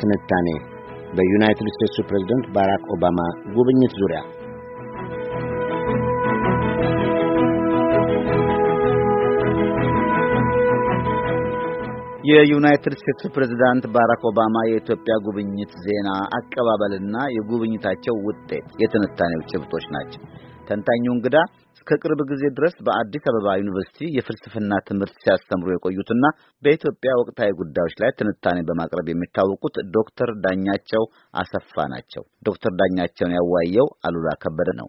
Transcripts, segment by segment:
ትንታኔ በዩናይትድ ስቴትሱ ፕሬዝደንት ባራክ ኦባማ ጉብኝት ዙሪያ የዩናይትድ ስቴትስ ፕሬዝዳንት ባራክ ኦባማ የኢትዮጵያ ጉብኝት ዜና አቀባበልና የጉብኝታቸው ውጤት የትንታኔው ጭብጦች ናቸው። ተንታኙ እንግዳ እስከ ቅርብ ጊዜ ድረስ በአዲስ አበባ ዩኒቨርሲቲ የፍልስፍና ትምህርት ሲያስተምሩ የቆዩትና በኢትዮጵያ ወቅታዊ ጉዳዮች ላይ ትንታኔ በማቅረብ የሚታወቁት ዶክተር ዳኛቸው አሰፋ ናቸው። ዶክተር ዳኛቸውን ያዋየው አሉላ ከበደ ነው።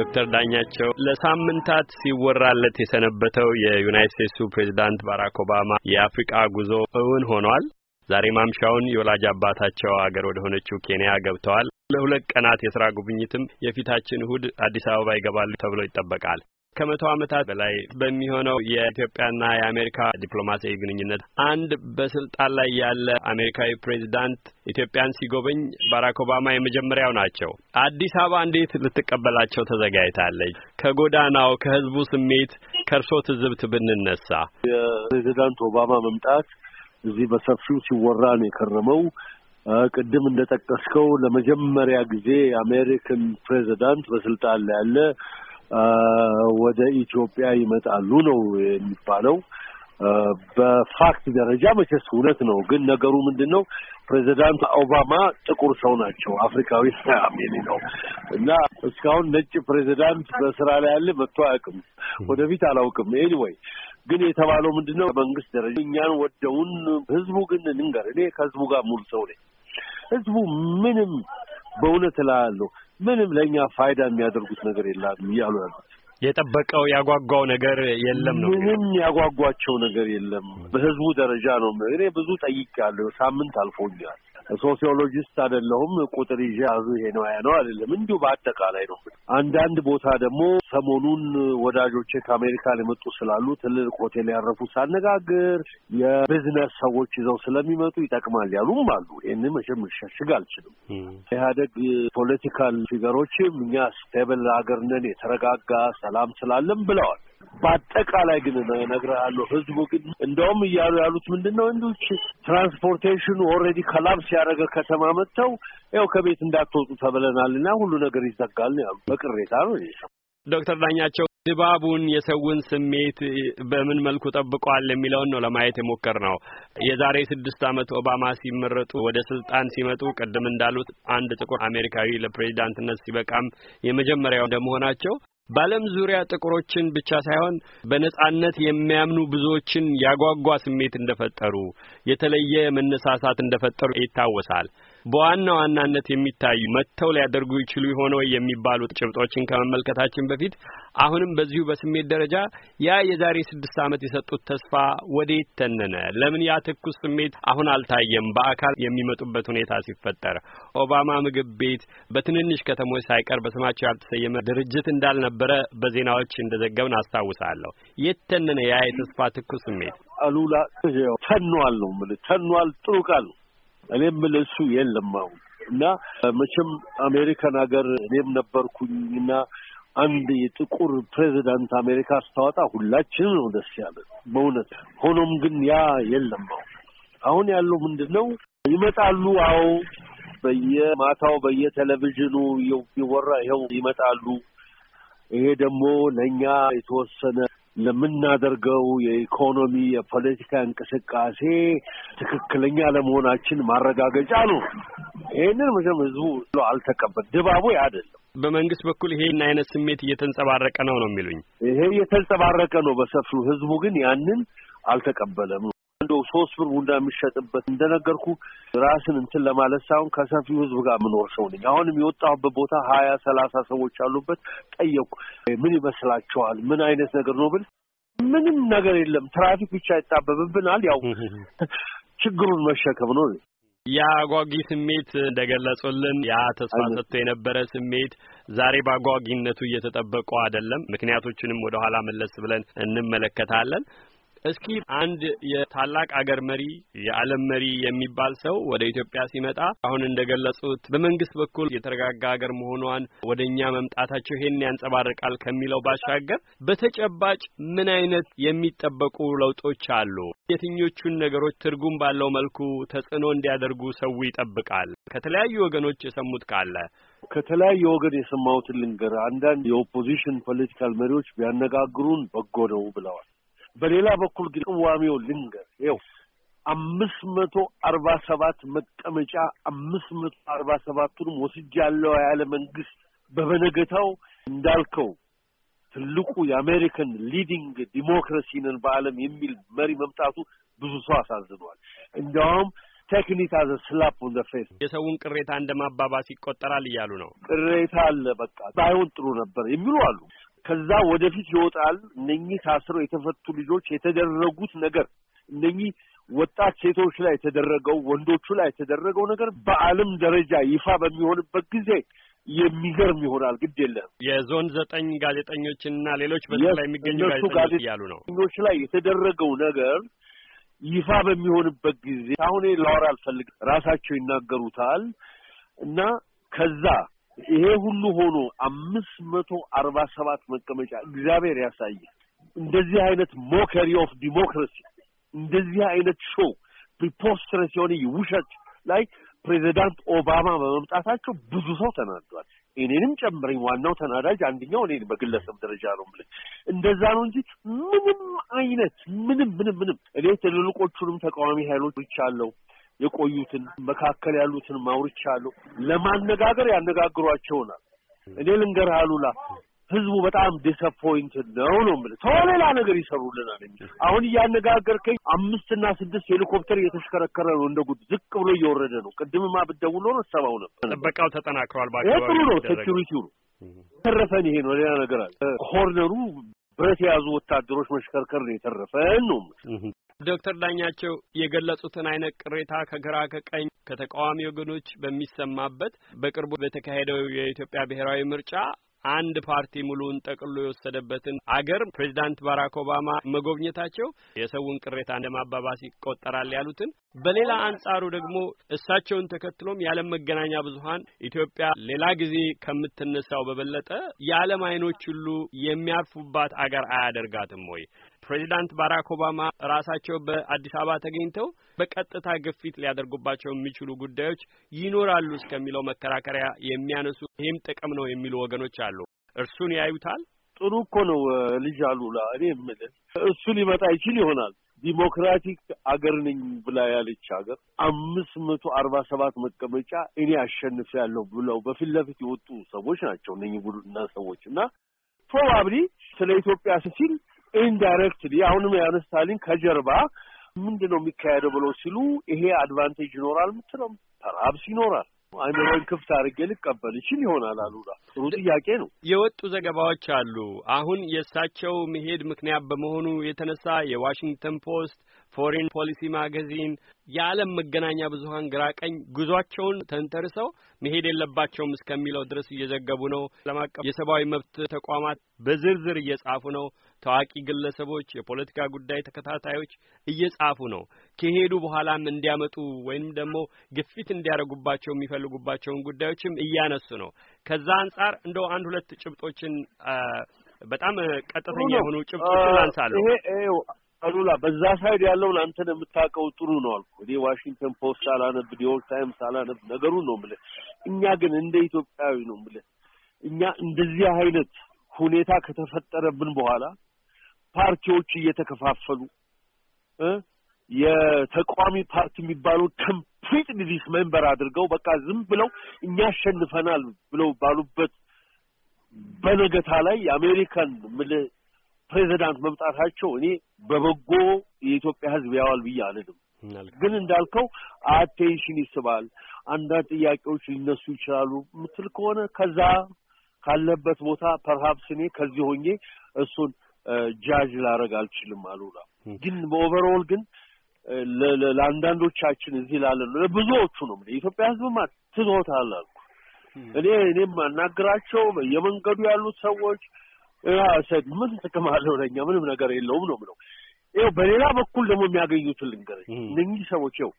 ዶክተር ዳኛቸው ለሳምንታት ሲወራለት የሰነበተው የዩናይት ስቴትሱ ፕሬዚዳንት ባራክ ኦባማ የአፍሪቃ ጉዞ እውን ሆኗል። ዛሬ ማምሻውን የወላጅ አባታቸው አገር ወደ ሆነችው ኬንያ ገብተዋል። ለሁለት ቀናት የስራ ጉብኝትም የፊታችን እሁድ አዲስ አበባ ይገባሉ ተብሎ ይጠበቃል። ከመቶ ዓመታት በላይ በሚሆነው የኢትዮጵያና የአሜሪካ ዲፕሎማሲያዊ ግንኙነት አንድ በስልጣን ላይ ያለ አሜሪካዊ ፕሬዚዳንት ኢትዮጵያን ሲጎበኝ ባራክ ኦባማ የመጀመሪያው ናቸው። አዲስ አበባ እንዴት ልትቀበላቸው ተዘጋጅታለች? ከጎዳናው ከህዝቡ ስሜት ከእርሶ ትዝብት ብንነሳ የፕሬዚዳንት ኦባማ መምጣት እዚህ በሰፊው ሲወራ ነው የከረመው። ቅድም እንደጠቀስከው ለመጀመሪያ ጊዜ የአሜሪካን ፕሬዚዳንት በስልጣን ላይ ያለ ወደ ኢትዮጵያ ይመጣሉ ነው የሚባለው። በፋክት ደረጃ መቼስ እውነት ነው፣ ግን ነገሩ ምንድን ነው? ፕሬዚዳንት ኦባማ ጥቁር ሰው ናቸው፣ አፍሪካዊ ሚኒ ነው እና እስካሁን ነጭ ፕሬዚዳንት በስራ ላይ ያለ መጥቶ አያውቅም፣ ወደፊት አላውቅም። ኤኒዌይ ግን የተባለው ምንድን ነው? በመንግስት ደረጃ እኛን ወደውን፣ ህዝቡ ግን ንንገር፣ እኔ ከህዝቡ ጋር ሙሉ ሰው ነኝ። ህዝቡ ምንም በእውነት እላለሁ ምንም ለእኛ ፋይዳ የሚያደርጉት ነገር የለም እያሉ ያሉት የጠበቀው ያጓጓው ነገር የለም ነው። ምንም ያጓጓቸው ነገር የለም። በህዝቡ ደረጃ ነው። እኔ ብዙ ጠይቄያለሁ። ሳምንት አልፎኛል። ሶሲዮሎጂስት አይደለሁም። ቁጥር ይዤ ይሄ ነው ያ ነው አይደለም፣ እንዲሁ በአጠቃላይ ነው። አንዳንድ ቦታ ደግሞ ሰሞኑን ወዳጆቼ ከአሜሪካ ሊመጡ ስላሉ ትልልቅ ሆቴል ያረፉ ሳነጋግር የቢዝነስ ሰዎች ይዘው ስለሚመጡ ይጠቅማል ያሉም አሉ። ይህን መቼም ልሸሽግ አልችልም። ኢህአደግ ፖለቲካል ፊገሮችም እኛ ስቴብል ሀገር ነን የተረጋጋ ሰላም ስላለም ብለዋል። በአጠቃላይ ግን እነግርሃለሁ ህዝቡ ግን እንደውም እያሉ ያሉት ምንድን ነው እንዲች ትራንስፖርቴሽኑ ኦልሬዲ ከላብስ ያደረገ ከተማ መጥተው ያው ከቤት እንዳትወጡ ተብለናል እና ሁሉ ነገር ይዘጋል ያሉ። በቅሬታ ነው ዶክተር ዳኛቸው ድባቡን የሰውን ስሜት በምን መልኩ ጠብቋል የሚለውን ነው ለማየት የሞከር ነው። የዛሬ ስድስት ዓመት ኦባማ ሲመረጡ ወደ ስልጣን ሲመጡ ቅድም እንዳሉት አንድ ጥቁር አሜሪካዊ ለፕሬዚዳንትነት ሲበቃም የመጀመሪያው እንደመሆናቸው በዓለም ዙሪያ ጥቁሮችን ብቻ ሳይሆን በነጻነት የሚያምኑ ብዙዎችን ያጓጓ ስሜት እንደፈጠሩ የተለየ መነሳሳት እንደፈጠሩ ይታወሳል። በዋና ዋናነት የሚታዩ መጥተው ሊያደርጉ ይችሉ ሆኖ የሚባሉ ጭብጦችን ከመመልከታችን በፊት አሁንም በዚሁ በስሜት ደረጃ ያ የዛሬ ስድስት ዓመት የሰጡት ተስፋ ወዴት ተነነ? ለምን ያ ትኩስ ስሜት አሁን አልታየም? በአካል የሚመጡበት ሁኔታ ሲፈጠር ኦባማ ምግብ ቤት በትንንሽ ከተሞች ሳይቀር በስማቸው ያልተሰየመ ድርጅት እንዳልነበረ በዜናዎች እንደዘገብን አስታውሳለሁ። የት ተነነ ያ የተስፋ ትኩስ ስሜት? አሉላ ተኗል ነው የምልህ። ተኗል ጥሩ ቃል ነው። እኔም ብል እሱ የለም አሁን እና መቼም አሜሪካን ሀገር እኔም ነበርኩኝ እና አንድ የጥቁር ፕሬዚዳንት አሜሪካ አስተዋጣ ሁላችን ነው ደስ ያለ በእውነት። ሆኖም ግን ያ የለም አሁን አሁን ያለው ምንድን ነው? ይመጣሉ። አዎ በየማታው በየቴሌቪዥኑ ይወራ ይኸው ይመጣሉ። ይሄ ደግሞ ለእኛ የተወሰነ ለምናደርገው የኢኮኖሚ የፖለቲካ እንቅስቃሴ ትክክለኛ ለመሆናችን ማረጋገጫ ነው። ይህንን መቼም ህዝቡ አልተቀበል ድባቡ አይደለም። በመንግስት በኩል ይሄን አይነት ስሜት እየተንጸባረቀ ነው ነው የሚሉኝ። ይሄ እየተንጸባረቀ ነው በሰፊው ህዝቡ ግን ያንን አልተቀበለም። እንደው ሶስት ብር ቡና የሚሸጥበት እንደነገርኩ ራስን እንትን ለማለት ሳይሆን ከሰፊው ህዝብ ጋር የምኖር ሰው ነኝ። አሁንም የወጣሁበት ቦታ ሀያ ሰላሳ ሰዎች አሉበት። ጠየቅኩ፣ ምን ይመስላችኋል? ምን አይነት ነገር ነው ብል ምንም ነገር የለም ትራፊክ ብቻ ይጣበብብናል። ያው ችግሩን መሸከም ነው። ያ አጓጊ ስሜት እንደገለጹልን ያ ተስፋ ሰጥቶ የነበረ ስሜት ዛሬ በአጓጊነቱ እየተጠበቁ አይደለም። ምክንያቶችንም ወደ ኋላ መለስ ብለን እንመለከታለን። እስኪ አንድ የታላቅ አገር መሪ የዓለም መሪ የሚባል ሰው ወደ ኢትዮጵያ ሲመጣ አሁን እንደገለጹት በመንግስት በኩል የተረጋጋ አገር መሆኗን ወደ እኛ መምጣታቸው ይሄን ያንጸባርቃል ከሚለው ባሻገር በተጨባጭ ምን አይነት የሚጠበቁ ለውጦች አሉ? የትኞቹን ነገሮች ትርጉም ባለው መልኩ ተጽዕኖ እንዲያደርጉ ሰው ይጠብቃል? ከተለያዩ ወገኖች የሰሙት ካለ ከተለያየ ወገን የሰማሁትን ልንገር። አንዳንድ የኦፖዚሽን ፖለቲካል መሪዎች ቢያነጋግሩን በጎ ነው ብለዋል። በሌላ በኩል ግን ቅዋሜው ልንገር ይኸው አምስት መቶ አርባ ሰባት መቀመጫ አምስት መቶ አርባ ሰባቱንም ወስጃለሁ ያለ መንግስት በበነገታው እንዳልከው ትልቁ የአሜሪካን ሊዲንግ ዲሞክራሲንን ነን በዓለም የሚል መሪ መምጣቱ ብዙ ሰው አሳዝኗል። እንዲያውም ቴክኒክ አዘ ስላፕ ኦን ዘ ፌስ የሰውን ቅሬታ እንደ ማባባስ ይቆጠራል እያሉ ነው። ቅሬታ አለ በቃ ባይሆን ጥሩ ነበር የሚሉ አሉ። ከዛ ወደፊት ይወጣል። እነኚህ ታስረው የተፈቱ ልጆች የተደረጉት ነገር እነኚህ ወጣት ሴቶች ላይ የተደረገው ወንዶቹ ላይ የተደረገው ነገር በዓለም ደረጃ ይፋ በሚሆንበት ጊዜ የሚገርም ይሆናል። ግድ የለም የዞን ዘጠኝ ጋዜጠኞችና ሌሎች በእስር ላይ የሚገኙ ጋዜጠኞች ነው ኞች ላይ የተደረገው ነገር ይፋ በሚሆንበት ጊዜ አሁን ላወራ አልፈልግም። ራሳቸው ይናገሩታል እና ከዛ ይሄ ሁሉ ሆኖ አምስት መቶ አርባ ሰባት መቀመጫ እግዚአብሔር ያሳየ። እንደዚህ አይነት ሞከሪ ኦፍ ዲሞክራሲ እንደዚህ አይነት ሾው ፕሪፖስተረስ የሆነ ውሸት ላይ ፕሬዚዳንት ኦባማ በመምጣታቸው ብዙ ሰው ተናዷል። እኔንም ጨምረኝ። ዋናው ተናዳጅ አንደኛው እኔ በግለሰብ ደረጃ ነው የምልህ። እንደዛ ነው እንጂ ምንም አይነት ምንም ምንም ምንም እኔ ትልልቆቹንም ተቃዋሚ ሀይሎች ብቻ የቆዩትን መካከል ያሉትን ማውርቻለሁ። ለማነጋገር ያነጋግሯቸውናል። እኔ ልንገርህ አሉላ ህዝቡ በጣም ዲስአፖይንትድ ነው ነው የምልህ። ተው ሌላ ነገር ይሰሩልናል። አሁን እያነጋገርከኝ አምስትና ስድስት ሄሊኮፕተር እየተሽከረከረ ነው እንደ ጉድ፣ ዝቅ ብሎ እየወረደ ነው። ቅድምማ ብትደውል ኖሮ ሰማው ነበር። ጥበቃው ተጠናክሯል። ጥሩ ነው። ሴኪሪቲው ነው ተረፈን። ይሄ ነው ሌላ ነገር አለ። ኮርነሩ ብረት የያዙ ወታደሮች መሽከርከር ነው የተረፈን ነው ዶክተር ዳኛቸው የገለጹትን አይነት ቅሬታ ከግራ ከቀኝ ከተቃዋሚ ወገኖች በሚሰማበት በቅርቡ በተካሄደው የኢትዮጵያ ብሔራዊ ምርጫ አንድ ፓርቲ ሙሉውን ጠቅሎ የወሰደበትን አገር ፕሬዚዳንት ባራክ ኦባማ መጎብኘታቸው የሰውን ቅሬታ እንደማባባስ ይቆጠራል ያሉትን፣ በሌላ አንጻሩ ደግሞ እሳቸውን ተከትሎም የዓለም መገናኛ ብዙኃን ኢትዮጵያ ሌላ ጊዜ ከምትነሳው በበለጠ የዓለም አይኖች ሁሉ የሚያርፉባት አገር አያደርጋትም ወይ? ፕሬዚዳንት ባራክ ኦባማ ራሳቸው በአዲስ አበባ ተገኝተው በቀጥታ ግፊት ሊያደርጉባቸው የሚችሉ ጉዳዮች ይኖራሉ እስከሚለው መከራከሪያ የሚያነሱ ይህም ጥቅም ነው የሚሉ ወገኖች አሉ። እርሱን ያዩታል? ጥሩ እኮ ነው ልጅ አሉላ። እኔ የምልህ እሱ ሊመጣ ይችል ይሆናል። ዲሞክራቲክ አገር ነኝ ብላ ያለች ሀገር አምስት መቶ አርባ ሰባት መቀመጫ እኔ አሸንፍ አሸንፊያለሁ ብለው በፊት ለፊት የወጡ ሰዎች ናቸው እነኝህ ቡድና ሰዎች እና ፕሮባብሊ ስለ ኢትዮጵያ ሲል ኢንዳይሬክትሊ አሁንም ያን ከጀርባ ምንድን ነው የሚካሄደው ብለው ሲሉ ይሄ አድቫንቴጅ ይኖራል ምትለው ተራብስ ይኖራል። አይምሮን ክፍት አድርጌ ልቀበል ይችል ይሆናል። አሉ። ጥሩ ጥያቄ ነው። የወጡ ዘገባዎች አሉ። አሁን የእሳቸው መሄድ ምክንያት በመሆኑ የተነሳ የዋሽንግተን ፖስት፣ ፎሬን ፖሊሲ ማጋዚን፣ የዓለም መገናኛ ብዙሀን ግራ ቀኝ ጉዟቸውን ተንተርሰው መሄድ የለባቸውም እስከሚለው ድረስ እየዘገቡ ነው። ዓለም አቀፍ የሰብአዊ መብት ተቋማት በዝርዝር እየጻፉ ነው። ታዋቂ ግለሰቦች፣ የፖለቲካ ጉዳይ ተከታታዮች እየጻፉ ነው። ከሄዱ በኋላም እንዲያመጡ ወይም ደግሞ ግፊት እንዲያደርጉባቸው የሚፈልጉባቸውን ጉዳዮችም እያነሱ ነው። ከዛ አንጻር እንደው አንድ ሁለት ጭብጦችን በጣም ቀጥተኛ የሆኑ ጭብጦችን አንሳለሁ። አሉላ በዛ ሳይድ ያለውን አንተን የምታውቀው ጥሩ ነው አልኩ። እኔ ዋሽንግተን ፖስት አላነብ፣ ኒውዮርክ ታይምስ አላነብ፣ ነገሩን ነው የምልህ። እኛ ግን እንደ ኢትዮጵያዊ ነው የምልህ እኛ እንደዚህ አይነት ሁኔታ ከተፈጠረብን በኋላ ፓርቲዎች እየተከፋፈሉ የተቃዋሚ ፓርቲ የሚባለው ኮምፕሊት ዲዚስ መንበር አድርገው በቃ ዝም ብለው እኛ አሸንፈናል ብለው ባሉበት በነገታ ላይ የአሜሪካን ምል ፕሬዚዳንት መምጣታቸው እኔ በበጎ የኢትዮጵያ ሕዝብ ያዋል ብዬ አልልም። ግን እንዳልከው አቴንሽን ይስባል። አንዳንድ ጥያቄዎች ሊነሱ ይችላሉ ምትል ከሆነ ከዛ ካለበት ቦታ ፐርሃፕስ እኔ ከዚህ ሆኜ እሱን ጃጅ ላረግ አልችልም አሉላ። ግን በኦቨርኦል ግን ለአንዳንዶቻችን እዚህ ላለን ብዙዎቹ ነው የኢትዮጵያ ሕዝብማ ትቶታል አልኩ። እኔ እኔም አናግራቸው የመንገዱ ያሉት ሰዎች ሰድ ምን ጥቅም አለው ለኛ ምንም ነገር የለውም ነው ምለው። ይኸው በሌላ በኩል ደግሞ የሚያገኙት ልንገር እነህ ሰዎች ው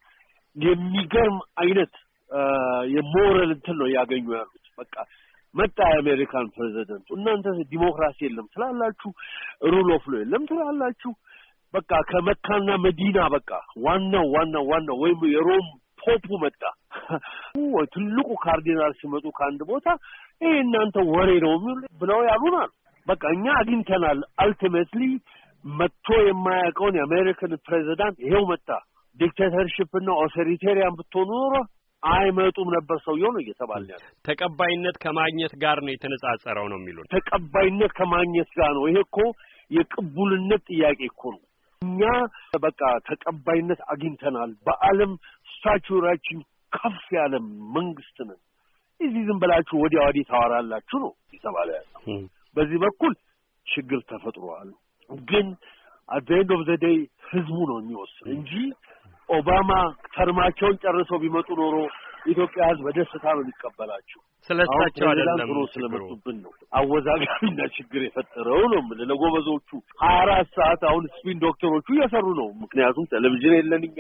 የሚገርም አይነት የሞረል እንትን ነው እያገኙ ያሉት። በቃ መጣ የአሜሪካን ፕሬዚደንቱ። እናንተ ዲሞክራሲ የለም ትላላችሁ፣ ሩል ኦፍ ሎ የለም ትላላችሁ። በቃ ከመካና መዲና በቃ ዋናው ዋናው ዋናው ወይም የሮም ፖፑ መጣ። ትልቁ ካርዲናል ሲመጡ ከአንድ ቦታ ይሄ እናንተ ወሬ ነው የሚሉ ብለው ያሉናል። በቃ እኛ አግኝተናል። አልቲሜትሊ መጥቶ የማያውቀውን የአሜሪካን ፕሬዚዳንት ይሄው መጣ። ዲክቴተርሽፕና ኦቶሪቴሪያን ብትሆኑ ኖሮ አይመጡም ነበር ሰውየው ነው እየተባለ ያለ ተቀባይነት ከማግኘት ጋር ነው የተነጻጸረው ነው የሚሉት። ተቀባይነት ከማግኘት ጋር ነው። ይሄ እኮ የቅቡልነት ጥያቄ እኮ ነው። እኛ በቃ ተቀባይነት አግኝተናል። በአለም ስታቹራችን ከፍ ያለ መንግስት ነን። እዚህ ዝም ብላችሁ ወዲያ ወዲህ ታወራላችሁ ነው የተባለ ያለ በዚህ በኩል ችግር ተፈጥሯል ግን አት ዘ ኤንድ ኦፍ ዘ ዴይ ህዝቡ ነው የሚወስድ እንጂ ኦባማ ተርማቸውን ጨርሶ ቢመጡ ኖሮ ኢትዮጵያ ሕዝብ በደስታ ነው የሚቀበላቸው። ስለሳቸው አይደለም ብሮ ስለመጡብን ነው አወዛጋቢና ችግር የፈጠረው ነው የምልህ። ለጎበዞቹ ሀያ አራት ሰዓት አሁን ስፒን ዶክተሮቹ እየሰሩ ነው። ምክንያቱም ቴሌቪዥን የለን እኛ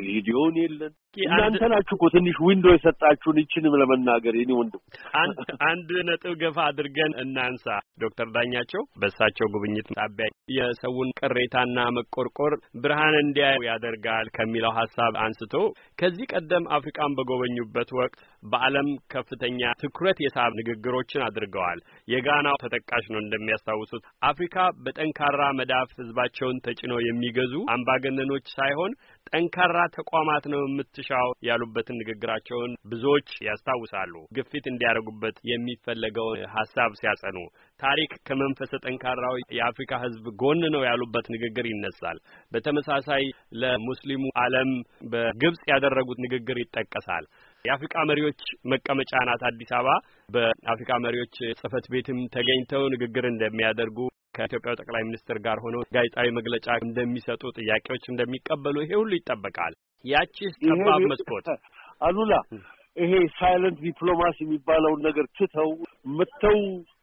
ኤልጂዲዮን የለን እናንተ ናችሁ እኮ ትንሽ ዊንዶ የሰጣችሁን ይችንም ለመናገር የኔ ወንድም አንድ አንድ ነጥብ ገፋ አድርገን እናንሳ። ዶክተር ዳኛቸው በእሳቸው ጉብኝት ጣቢያ የሰውን ቅሬታና መቆርቆር ብርሃን እንዲያዩ ያደርጋል ከሚለው ሀሳብ አንስቶ ከዚህ ቀደም አፍሪካን በጎበኙበት ወቅት በዓለም ከፍተኛ ትኩረት የሳብ ንግግሮችን አድርገዋል። የጋናው ተጠቃሽ ነው። እንደሚያስታውሱት አፍሪካ በጠንካራ መዳፍ ህዝባቸውን ተጭነው የሚገዙ አምባገነኖች ሳይሆን ጠንካራ ተቋማት ነው የምትሻው ያሉበትን ንግግራቸውን ብዙዎች ያስታውሳሉ። ግፊት እንዲያደርጉበት የሚፈለገውን ሀሳብ ሲያጸኑ ታሪክ ከመንፈሰ ጠንካራው የአፍሪካ ህዝብ ጎን ነው ያሉበት ንግግር ይነሳል። በተመሳሳይ ለሙስሊሙ ዓለም በግብጽ ያደረጉት ንግግር ይጠቀሳል። የአፍሪቃ መሪዎች መቀመጫ ናት አዲስ አበባ። በአፍሪካ መሪዎች ጽህፈት ቤትም ተገኝተው ንግግር እንደሚያደርጉ ከኢትዮጵያው ጠቅላይ ሚኒስትር ጋር ሆነው ጋዜጣዊ መግለጫ እንደሚሰጡ፣ ጥያቄዎች እንደሚቀበሉ ይሄ ሁሉ ይጠበቃል። ያቺስ ጠባብ መስኮት አሉላ ይሄ ሳይለንት ዲፕሎማሲ የሚባለውን ነገር ትተው መጥተው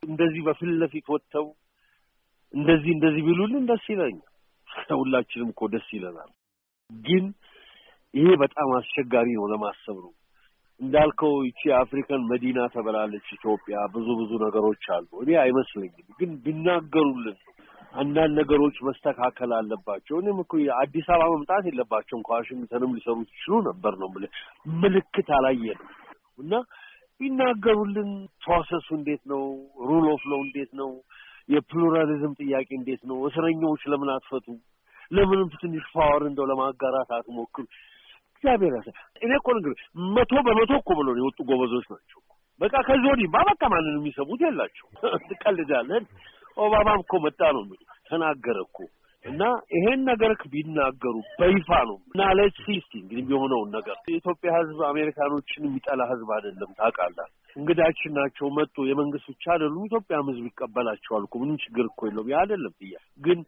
እንደዚህ በፊት ለፊት ወጥተው እንደዚህ እንደዚህ ቢሉልን ደስ ይለኛል። ሁላችንም እኮ ደስ ይለናል። ግን ይሄ በጣም አስቸጋሪ ነው፣ ለማሰብ ነው። እንዳልከው ይቺ የአፍሪካን መዲና ተበላለች ኢትዮጵያ። ብዙ ብዙ ነገሮች አሉ። እኔ አይመስለኝም፣ ግን ቢናገሩልን አንዳንድ ነገሮች መስተካከል አለባቸው። እኔም እኮ አዲስ አበባ መምጣት የለባቸውም ከዋሽንግተንም ሊሰሩ ይችሉ ነበር ነው የምልህ። ምልክት አላየንም እና ቢናገሩልን ፕሮሰሱ እንዴት ነው? ሩል ኦፍ ሎው እንዴት ነው? የፕሉራሊዝም ጥያቄ እንዴት ነው? እስረኞች ለምን አትፈቱ? ለምንም ትንሽ ፓወር እንደው ለማጋራት አትሞክሩ? እግዚአብሔር ያሰ እኔ እኮ ንግር መቶ በመቶ እኮ ብሎ የወጡ ጎበዞች ናቸው። በቃ ከዚህ ወዲህማ በቃ ማንን የሚሰሙት የላቸው። ትቀልዳለን። ኦባማም እኮ መጣ ነው የሚ ተናገረ እኮ እና ይሄን ነገር ቢናገሩ በይፋ ነው እና ሌት ሲስቲ እንግዲህ የሆነውን ነገር የኢትዮጵያ ሕዝብ አሜሪካኖችን የሚጠላ ሕዝብ አይደለም። ታውቃለህ፣ እንግዳችን ናቸው መጡ። የመንግስት ብቻ አይደሉም፣ ኢትዮጵያም ሕዝብ ይቀበላቸዋል እኮ ምንም ችግር እኮ የለውም። ያ አይደለም ብያ ግን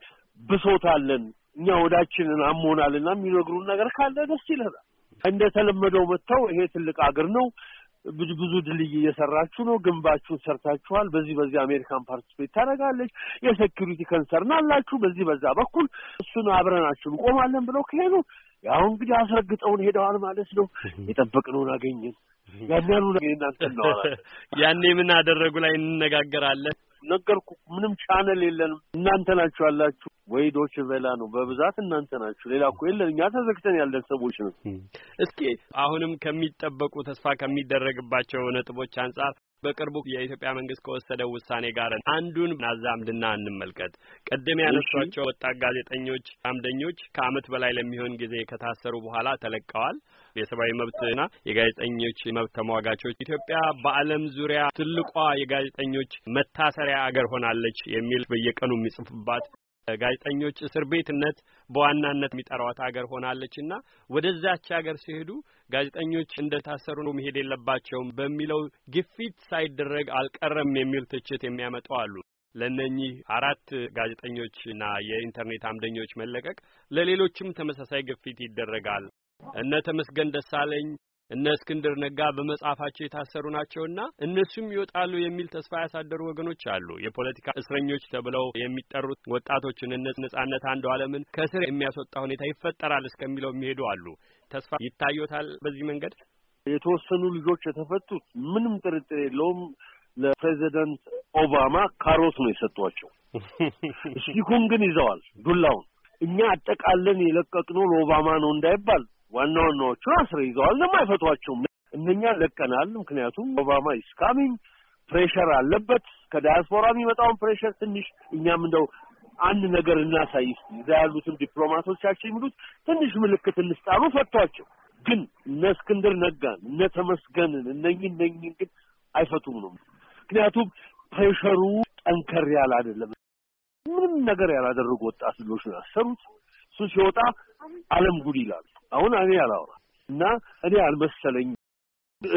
ብሶታለን እኛ ወዳችንን አሞናል አሞናልና የሚነግሩን ነገር ካለ ደስ ይለናል። እንደተለመደው መጥተው ይሄ ትልቅ አገር ነው፣ ብዙ ድልድይ እየሰራችሁ ነው፣ ግንባችሁን ሰርታችኋል፣ በዚህ በዚህ አሜሪካን ፓርቲስፔት ታደርጋለች፣ የሴኪሪቲ ከንሰርን አላችሁ፣ በዚህ በዛ በኩል እሱን አብረናችሁ እንቆማለን ብለው ከሄዱ ያው እንግዲህ አስረግጠውን ሄደዋል ማለት ነው። የጠበቅነውን አገኘን። ያንያኑ እናንተ ነው ያኔ ምን አደረጉ ላይ እንነጋገራለን። ነገርኩ። ምንም ቻነል የለንም። እናንተ ናችሁ ያላችሁ ወይ ዶች ቬላ ነው በብዛት እናንተ ናችሁ። ሌላ እኮ የለን። እኛ ተዘግተን ያለን ሰዎች ነው። እስኪ አሁንም ከሚጠበቁ ተስፋ ከሚደረግባቸው ነጥቦች አንጻር በቅርቡ የኢትዮጵያ መንግስት ከወሰደው ውሳኔ ጋር አንዱን አዛምድና እንመልከት። ቀደም ያነሷቸው ወጣት ጋዜጠኞች አምደኞች ከአመት በላይ ለሚሆን ጊዜ ከታሰሩ በኋላ ተለቀዋል። የሰብአዊ መብትና የጋዜጠኞች መብት ተሟጋቾች ኢትዮጵያ በዓለም ዙሪያ ትልቋ የጋዜጠኞች መታሰሪያ አገር ሆናለች የሚል በየቀኑ የሚጽፍባት ጋዜጠኞች እስር ቤትነት በዋናነት የሚጠሯት ሀገር ሆናለች እና ወደዛች ሀገር ሲሄዱ ጋዜጠኞች እንደታሰሩ መሄድ የለባቸውም በሚለው ግፊት ሳይደረግ አልቀረም የሚል ትችት የሚያመጡ አሉ። ለእነኚህ አራት ጋዜጠኞችና የኢንተርኔት አምደኞች መለቀቅ ለሌሎችም ተመሳሳይ ግፊት ይደረጋል። እነ ተመስገን ደሳለኝ እነ እስክንድር ነጋ በመጽሐፋቸው የታሰሩ ናቸውና እነሱም ይወጣሉ የሚል ተስፋ ያሳደሩ ወገኖች አሉ። የፖለቲካ እስረኞች ተብለው የሚጠሩት ወጣቶችን እነ ነጻነት አንዱ ዓለምን ከስር የሚያስወጣ ሁኔታ ይፈጠራል እስከሚለው የሚሄዱ አሉ። ተስፋ ይታዩታል። በዚህ መንገድ የተወሰኑ ልጆች የተፈቱት ምንም ጥርጥር የለውም ለፕሬዚደንት ኦባማ ካሮት ነው የሰጧቸው። እስቲኩን ግን ይዘዋል ዱላውን። እኛ አጠቃለን የለቀቅነው ለኦባማ ነው እንዳይባል ዋና ዋናዎቹን አስረይዘዋል። ለማይፈቷቸውም እነኛ ለቀናል። ምክንያቱም ኦባማ ኢስካሚንግ ፕሬሸር አለበት። ከዳያስፖራ የሚመጣውን ፕሬሸር ትንሽ እኛም እንደው አንድ ነገር እናሳይ እስኪ እዛ ያሉትም ዲፕሎማቶቻችን የሚሉት ትንሽ ምልክት እንስጣሉ። ፈቷቸው ግን እነ እስክንድር ነጋን እነ ተመስገንን እነኝን እነኝን ግን አይፈቱም ነው። ምክንያቱም ፕሬሸሩ ጠንከር ያለ አይደለም። ምንም ነገር ያላደረጉ ወጣት ልጆች ነው ያሰሩት። እሱ ሲወጣ አለም ጉድ ይላል። አሁን እኔ አላወራ እና እኔ አልመሰለኝ።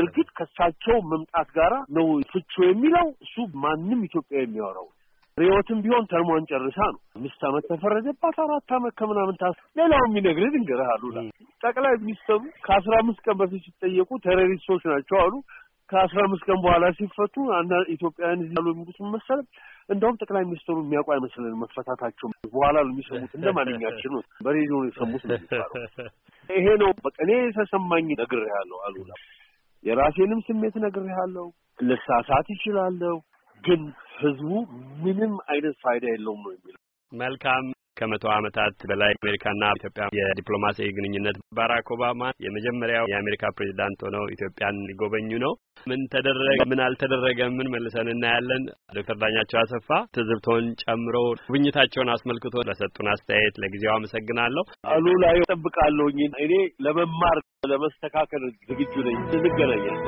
እርግጥ ከሳቸው መምጣት ጋራ ነው ፍቹ የሚለው እሱ ማንም ኢትዮጵያ የሚያወራው ሪዮትም ቢሆን ተርሟን ጨርሳ ነው። አምስት ዓመት ተፈረደባት፣ አራት አመት ከምናምን ታስ ሌላው የሚነግርህ ድንገርህ ጠቅላይ ሚኒስትሩ ከአስራ አምስት ቀን በፊት ሲጠየቁ ቴሮሪስቶች ናቸው አሉ። ከአስራ አምስት ቀን በኋላ ሲፈቱ አንዳንድ ኢትዮጵያውያን እዚህ ያሉ የሚሉት መሰለ እንደውም ጠቅላይ ሚኒስትሩ የሚያውቁ አይመስለን መፈታታቸው በኋላ ነው የሚሰሙት። እንደ ማንኛችን በሬዲዮ የሰሙት ነው የሚባለው። ይሄ ነው በቃ እኔ ተሰማኝ ነግሬሃለሁ፣ አሉላ የራሴንም ስሜት ነግሬሃለሁ። ልሳሳት ይችላለሁ፣ ግን ህዝቡ ምንም አይነት ፋይዳ የለውም ነው የሚለው። መልካም ከመቶ ዓመታት በላይ አሜሪካና ኢትዮጵያ የዲፕሎማሲያዊ ግንኙነት ባራክ ኦባማ የመጀመሪያው የአሜሪካ ፕሬዚዳንት ሆነው ኢትዮጵያን ሊጎበኙ ነው። ምን ተደረገ፣ ምን አልተደረገ፣ ምን መልሰን እናያለን። ዶክተር ዳኛቸው አሰፋ ትዝብቶን ጨምሮ ጉብኝታቸውን አስመልክቶ ለሰጡን አስተያየት ለጊዜው አመሰግናለሁ። አሉ ላይ ጠብቃለሁኝ። እኔ ለመማር ለመስተካከል ዝግጁ ነኝ። እንገናኛለን።